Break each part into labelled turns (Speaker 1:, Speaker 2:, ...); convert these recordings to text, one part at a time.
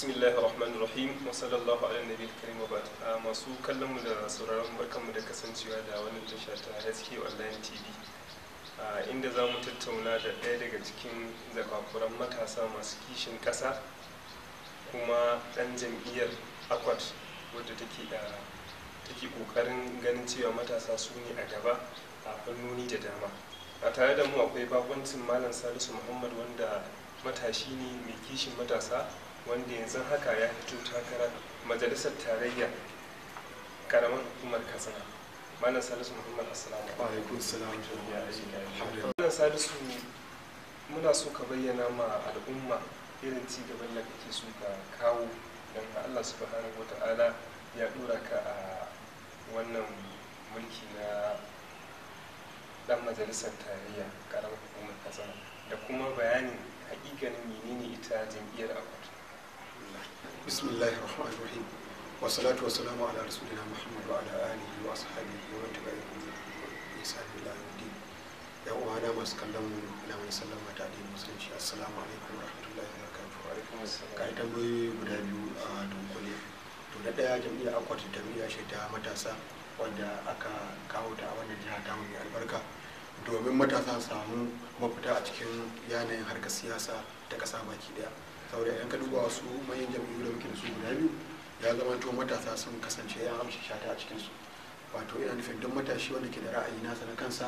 Speaker 1: bismillah wa sallallahu nabi karim wa a ah, masu kallon mu da sauraron barkan mu da kasancewa da wannan tasha ta SK online TV ah, inda za mu tattauna da ɗaya daga cikin zakafuran matasa masu kishin ƙasa kuma ɗan jam'iyyar akwat wadda take da take ƙoƙarin ganin cewa matasa su ne a gaba a fannoni da dama a tare da mu akwai bakoncin malam salisu muhammad wanda matashi ne mai kishin matasa wanda yanzu haka ya fito takara. majalisar tarayya karamar hukumar katsina malam salisu muhammad assalamu alaikum salam malam salisu muna so ka bayyana ma al'umma irin ci gaban da kake so ka kawo don allah subhanahu wa ta'ala ya dora ka a wannan mulki na dan majalisar tarayya karamar hukumar katsina da kuma bayanin hakikanin menene ita jam'iyyar akwati bismillahi rahman rahim wa salatu wa salamu ala rasulina muhammad wa ala alihi
Speaker 2: wa ashabihi wa tabi'in isan ila yawmiddin ya uwa na masu kallon mu ina mai sallama ta addinin musulunci assalamu alaikum wa rahmatullahi wa barakatuh ka yi tambayoyi guda biyu da dunkule to na daya jam'iyyar akwati jam'iyya ce matasa wanda aka kawo ta a wannan jiha ta mai albarka domin matasa samu mafita a cikin yanayin harkar siyasa ta ƙasa baki daya saboda idan ka duba wasu manyan jam'iyyu da muke da su guda biyu ya zama to matasa sun kasance ya amshi shata a cikin su. wato ina nufin don matashi wanda ke da ra'ayi na na kansa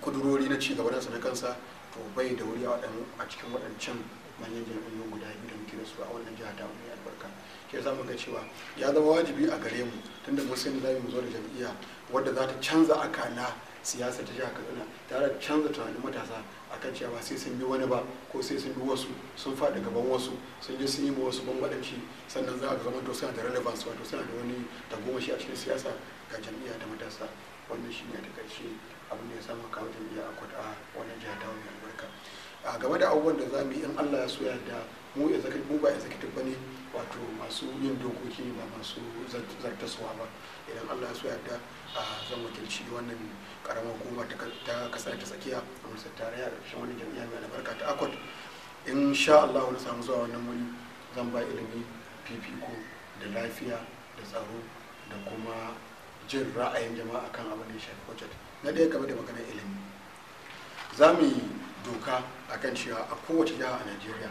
Speaker 2: kudurori na cigaba na na kansa to bai da wuri a cikin waɗancan manyan jam'iyyu guda biyu da muke da su a wannan jiha ta wani albarka ke za mu ga cewa ya zama wajibi a gare mu tunda mun sani za mu zo da jam'iyya wadda za ta canza akala siyasa ta jihar katsina tare da canza tunanin matasa a kan cewa sai sun bi wani ba ko sai sun bi wasu sun faɗi gaban wasu sun yi sun yi ma wasu bambaɗanci sannan za a zama to suna da relevance wato suna da wani tagomashi a cikin siyasa ga jam'iyya da matasa wannan shi ne ta ƙarshe abin da ya samu kawo jam'iyya a kwata wannan jihar ta wani albarka a game da abubuwan da za mu yi in allah ya so da mu zaki mu ba tabba bane wato masu yin dokoki ba masu zartaswa ba idan allah ya so a zan wakilci wannan karamar goma ta kasar ta tsakiya a majalisar tarayya da ƙarshen wani jami'a mai albarka ta akwat in sha allah wani samu zuwa wannan wuri zan ba ilimi fifiko da lafiya da tsaro da kuma jin ra'ayin jama'a kan abin da ya shafi budget na ɗaya game da maganar ilimi za mu doka akan cewa a kowace jiha a najeriya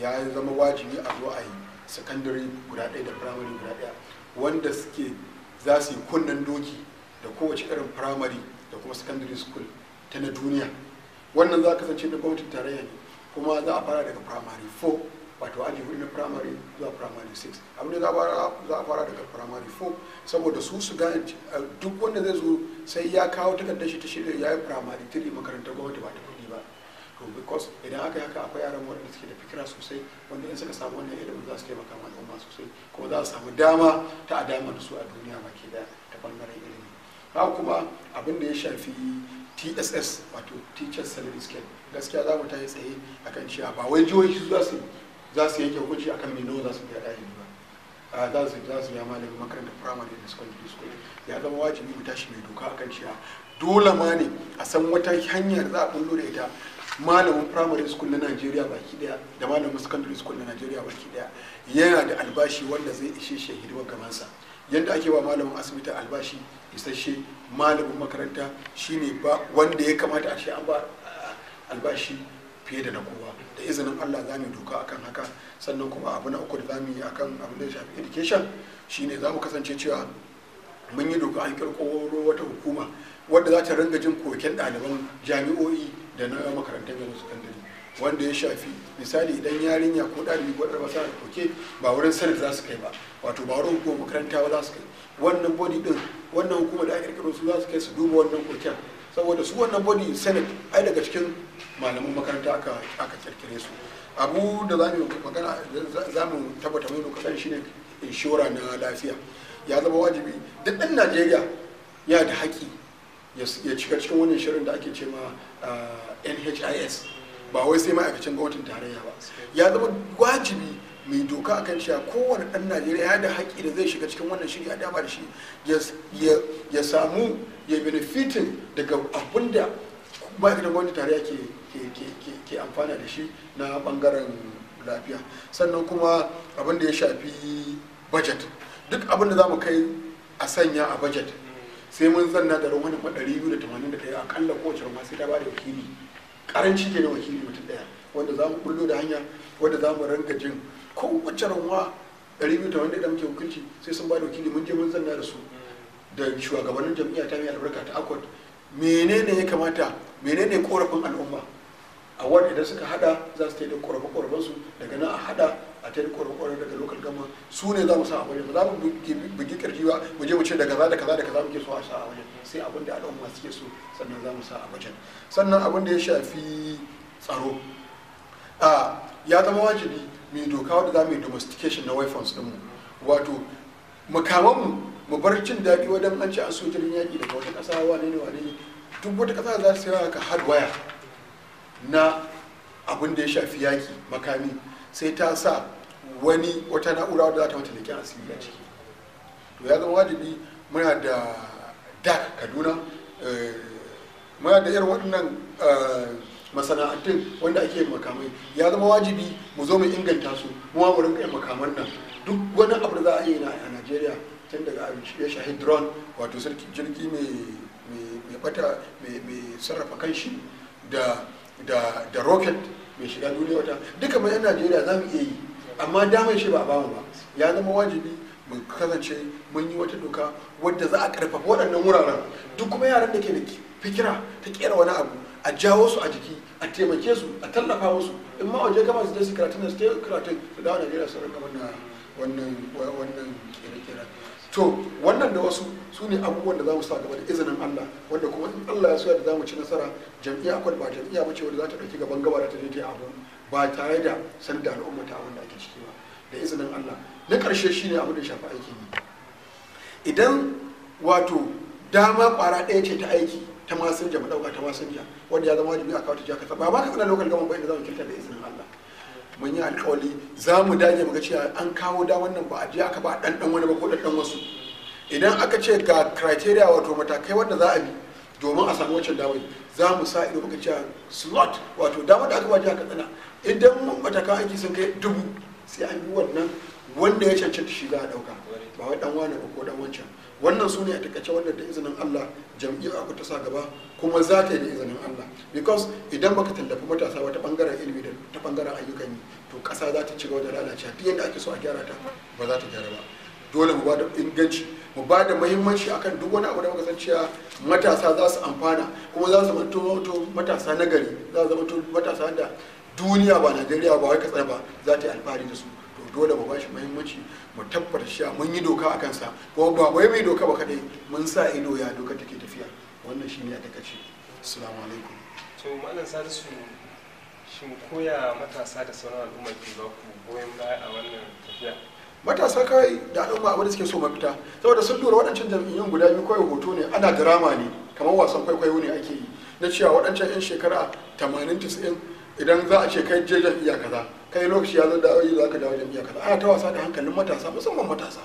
Speaker 2: ya zama wajibi a zo a yi secondary guda ɗaya da firamare guda ɗaya wanda suke za su yi kunnen doki da kowace irin firamare da kuma secondary school ta na duniya wannan za kasance da gwamnatin tarayya ne kuma za a fara daga primary 4 wato aji hudu na primary zuwa primary 6 abin da za a fara daga primary 4 saboda su su gane eh, duk wanda zai zo sai ya kawo takardar shi ta shirya ya yi primary 3 makarantar gwamnati ba ta to because idan aka yi haka akwai yaran waɗanda suke da fikira sosai wanda in suka samu wannan ilimin za su taimaka ma al'umma sosai kuma za su samu dama ta a dama da su a duniya ke da ta bangaren ilimi haka kuma abin da ya shafi tss wato teachers salary scale gaskiya za mu tashi tsaye akan cewa ba wai jihohi su za su yanke hukunci akan mai nawa za su biya ɗalibi ba za su za su biya malamin makarantar primary da secondary school ya zama wajibi mu tashi mai doka akan cewa dole ma ne a san wata hanyar za a kullo da ita malamin primary school na najeriya baki daya da malamin secondary school na najeriya baki daya yana da albashi wanda zai ishe shi hidimar gabansa yadda ake ba malamin asibiti albashi isasshe malamin makaranta shine ba wanda ya kamata a shi an ba ah, albashi fiye da na kowa da izinin allah za mu doka akan haka sannan kuma abu na uku da za mu yi akan abin da ya shafi education shine za mu kasance cewa mun yi doka an kirkoro wata hukuma wadda za ta ringa jin koken ɗaliban jami'o'i da na makarantar yanzu sakandare wanda ya shafi misali idan yarinya ko ɗalibi ko ɗalibi sa da koke ba wurin sanar za su kai ba wato ba wurin hukumar makaranta ba za su kai wannan body din wannan hukumar da aka kirkiro su za su kai su duba wannan koken saboda su wannan body senate ai daga cikin malaman makaranta aka aka kirkire su abu da za mu magana za mu tabbata mai lokacin shine inshora na lafiya ya zama wajibi duk ɗan najeriya yana da haƙƙi ya cika cikin wannan shirin da ake ce ma ah, nhis ba wai sai ma'aikacin gwamnatin tarayya ba ya zama wajibi mai doka akan cewa kowane ɗan najeriya ya da haƙƙi da zai shiga cikin wannan shirin a dama da shi ya samu ya benefitin daga abin da ma'aikatan gwamnatin tarayya ke amfana da shi na bangaren lafiya sannan kuma abin da ya shafi budget duk abin da za mu kai a sanya a budget sai mun zanna da wani ba 281 akalla kowace ruwa sai ta ba da wakili karanci ke na wakili mutum daya wanda za mu bullo da hanya wanda za mu ranka jin kowace ruwa 281 muke wakilci sai sun ba da wakili mun je mun zanna da su da shugabannin jam'iyya ta mai albarka ta akwad menene ya kamata menene korafin al'umma a wanda idan suka hada za su ta yi da korafe-korafensu daga nan a hada a ta kwarar daga local gama su ne za mu sa a wajen ba za mu bugi kirji ba mu je mu ce da kaza da kaza da kaza muke so a sa a wajen sai abin da al'umma suke so sannan za mu sa a wajen sannan abin da ya shafi tsaro a ya zama wajibi mai doka wadda za mu yi domestication na weapons mu wato makaman mu mu bar cin daɗi wajen an ce an so jirgin yaƙi daga wata ƙasa wane ne wane ne duk wata ƙasa za su yawa ka waya na abin da ya shafi yaƙi makami sai ta sa wani wata na'ura da za ta mata leƙen asiri a ciki to ya zama wajibi muna da dak kaduna eh, muna da irin waɗannan eh, masana'antun wanda ake yin makamai ya zama wajibi mu zo mu inganta su mu ma mu rinka yin makaman nan duk wani abu da za a yi a najeriya tun daga ya shahi drone wato sarki jirgi mai sarrafa kanshi da rocket mai shiga duniya wata duka mai yan najeriya za mu iya yi amma damar shi ba a bamu ba ya zama wajibi mu kasance mun yi wata doka wadda za a karfafa waɗannan wuraren duk kuma yaran da ke da fikira ta kera wani abu a jawo su a jiki a taimake su a tallafa musu in ma waje gama su je su karatun da su karatun su dawo najeriya su rinka wannan wannan wannan kere to wannan da wasu su ne abubuwan da za mu sa gaba da izinin Allah wanda kuma in Allah ya soya da za mu ci nasara jam'iyya akwai ba jam'iyya ba ce wanda za ta ɗauki gaban gaba da ta daidai abu ba tare da sanar da al'umma ta abin da ake ciki ba da izinin Allah na ƙarshe ne abu da shafi aiki ne idan wato dama ƙwara ɗaya ce ta aiki ta masinja mu ɗauka ta masinja wanda ya zama wajibi a kawo ta jaka ba ba ka tsana lokacin gaban bai da za mu kirta da izinin mun yi alkawali za mu dage muka cewa an kawo da wannan ba a je aka ba wani ba ko wasu idan aka ce ga criteria wato matakai wanda za a bi domin a samu wancan damar za mu sa ido muka cewa slot wato damar da aka ba jiha katsina idan matakan aiki sun kai dubu sai an yi wannan wanda ya cancanta shi za a dauka ba wai dan wani ba ko dan wancan wannan su ne a takaice wannan da izinin Allah jam'i'a ku ta sa gaba kuma za ta yi da izinin Allah because idan baka tallafi matasa wata bangaren ilimi da ta bangaren ayyukan yi to kasa za ta ci gaba da lalacewa duk yadda ake so a gyara ta ba za ta gyara ba dole mu ba da inganci mu ba da muhimmanci akan duk wani abu da muka san cewa matasa za su amfana kuma za su zama matasa na gari za su zama matasa da duniya ba najeriya ba wai katsar ba za ta yi alfahari da su to dole mu bashi muhimmanci mu tabbata shi mun yi doka a kansa ko ba wai mai doka ba kadai mun sa ido ya doka take tafiya wannan shi ne a takaice assalamu alaikum
Speaker 1: to malam salisu shin koya matasa da sauran al'umma ke ba ku goyon baya a wannan tafiya
Speaker 2: matasa kawai da al'umma abin da suke so mafita saboda sun lura waɗancan jam'iyyun guda biyu kawai hoto ne ana drama ne kamar wasan kwaikwayo ne ake yi na cewa waɗancan 'yan shekara 80 90 idan za a ce kai jejen iya kaza kai lokaci ya zada da za ka dawo iya kaza ana ta wasa da hankalin matasa musamman matasa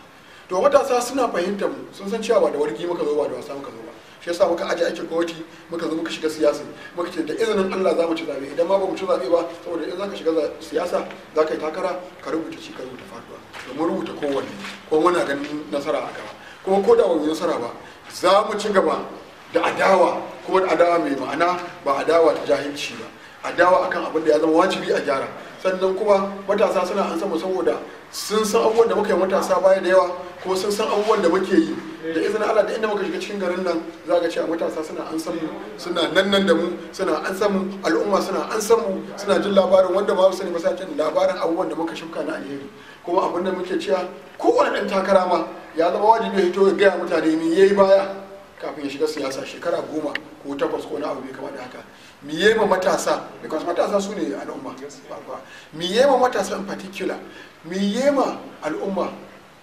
Speaker 2: to matasa suna fahimtar mu sun san cewa ba da wargi muka zo ba da wasa muka zo ba shi yasa muka aje aikin kowace muka zo muka shiga siyasa muka ce da izinin Allah za mu ci zabe idan ma ba mu ci zabe ba saboda idan ka shiga siyasa za ka yi takara ka rubuta shi ka rubuta faduwa domin rubuta kowanne ko muna ganin nasara a gaba kuma ko da ba mu nasara ba za mu ci gaba da adawa kuma adawa mai ma'ana ba adawa ta jahilci ba a dawo akan abin da ya zama wajibi a gyara sannan kuma matasa suna an sama saboda sun san abubuwan da muka yi matasa baya da yawa ko sun san abubuwan da muke yi da izina ala da inda muka shiga cikin garin nan za ga cewa matasa suna an samu suna nan nan da mu suna an samu al'umma suna an samu suna jin labarin wanda ba su sani ba sai labarin abubuwan da muka shuka na alheri kuma abin da muke cewa kowane dan takara ma ya zama wajibi ya fito ya gaya mutane me yayi baya kafin ya shiga siyasa shekara goma ko takwas ko na abu bai kama da haka miye ma matasa because matasa su ne al'umma miye ma matasa in particular miye ma al'umma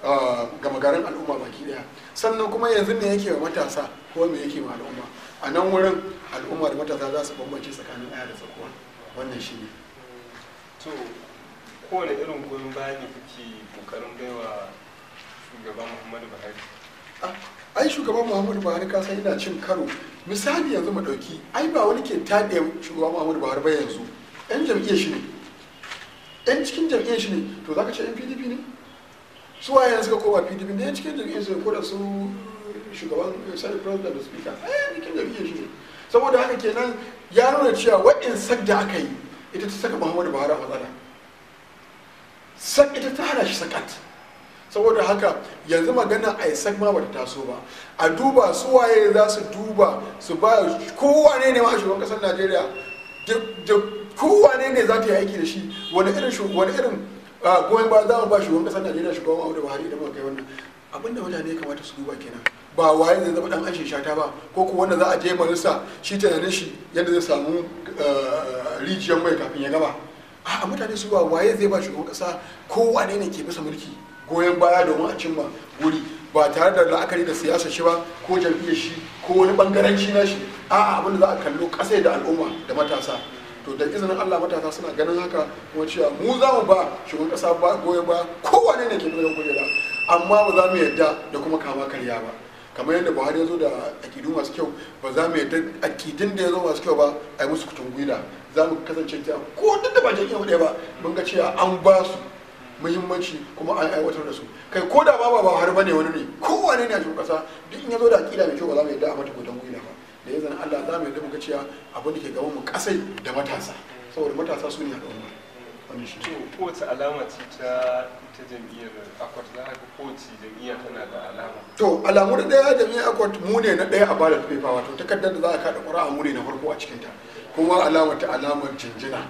Speaker 2: ah, gama garin al'umma baki daya sannan kuma yanzu ne yake wa matasa ko me yake wa al'umma a nan wurin al'umma da matasa za su bambance tsakanin aya da tsakuwa wannan shi ne
Speaker 1: to kowane irin goyon bayan da kuke kokarin baiwa shugaban muhammadu buhari ah, ai shugaban muhammadu buhari
Speaker 2: ka san yana cin karo misali yanzu mu ɗauki ai ba wani ke taɗe shugaban muhammadu buhari ba yanzu yan jam'iyyar shi ne yan cikin jam'iyyar shi ne to za ka ce yan pdp ne su waye yanzu ka koma pdp ne yan cikin jam'iyyar ne? ko da su shugaban sani president da speaker ai yan cikin jam'iyyar shi ne saboda haka kenan ya nuna cewa wa'in sadda aka yi ita ta saka muhammadu buhari a matsala sak ita ta hana shi sakat saboda haka yanzu magana a isak ma bata taso ba a duba su waye za su duba su ba kowane ne ma shugaban kasar najeriya da kowane ne za ta yi aiki da shi wani irin wani irin ah, goyon ba za mu ba shugaban kasar najeriya shugaban muhammadu buhari idan muka kai wannan abinda mutane ya kamata su duba kenan ba waye zai zama dan ashe shata ba ko kuma wanda za a je majalisa shi ta tunanin shi yadda zai samu ah, rijiyar mai kafin ya gaba a mutane su ba waye zai ba shugaban kasa kowane ne ke bisa mulki goyon baya domin a cimma guri ba tare da la'akari da siyasa shi ba ko jam'iyyar shi ko wani bangaranci na shi a abin da za a kallo kasai da al'umma da matasa to da izinin Allah matasa suna ganin haka kuma cewa mu za mu ba shugaban kasa ba goyon ba kowane ne ke goyon kujera amma ba za mu yarda da kuma kama karya ba kamar yadda buhari ya zo da akidu masu kyau ba za mu yadda akidin da ya zo masu kyau ba a yi musu kutun gwida za mu kasance cewa ko duk da ba jam'iyyar ba mun ga cewa an ba su muhimmanci kuma a aiwatar da su kai ko da ba ba har bane wani ne kowane ne a cikin kasa duk in ya zo da aqida mai kyau ba za mu yadda a mata gudan gwiwa ba da ya zan Allah za mu yadda muka ciya abin da ke gaban mu kasai da matasa
Speaker 1: saboda matasa su ne a gaban mu to kowace alama ce ta jami'ar jam'iyyar akwat za ka kowace iya tana da alama
Speaker 2: to alamu da daya jam'iyyar akwat mu ne na daya a bada tufa wato takardar da za a kada ƙura'a mu ne na farko a cikin ta kuma alamar ta alamar jinjina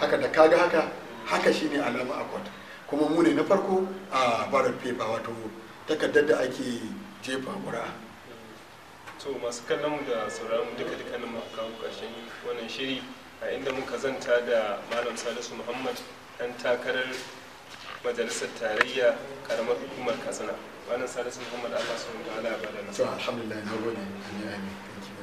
Speaker 2: haka da kaga haka haka shine alama akwat kuma mu ne na farko a barar fefa wato takardar da ake
Speaker 1: jefa mura to masu kallon da sauraron duka duka nan muka kawo wannan shiri a inda muka zanta da malam salisu muhammad dan takarar majalisar tarayya karamar hukumar katsina malam salisu muhammad allah su hala ba da
Speaker 2: nasa alhamdulillah na gode
Speaker 1: amin amin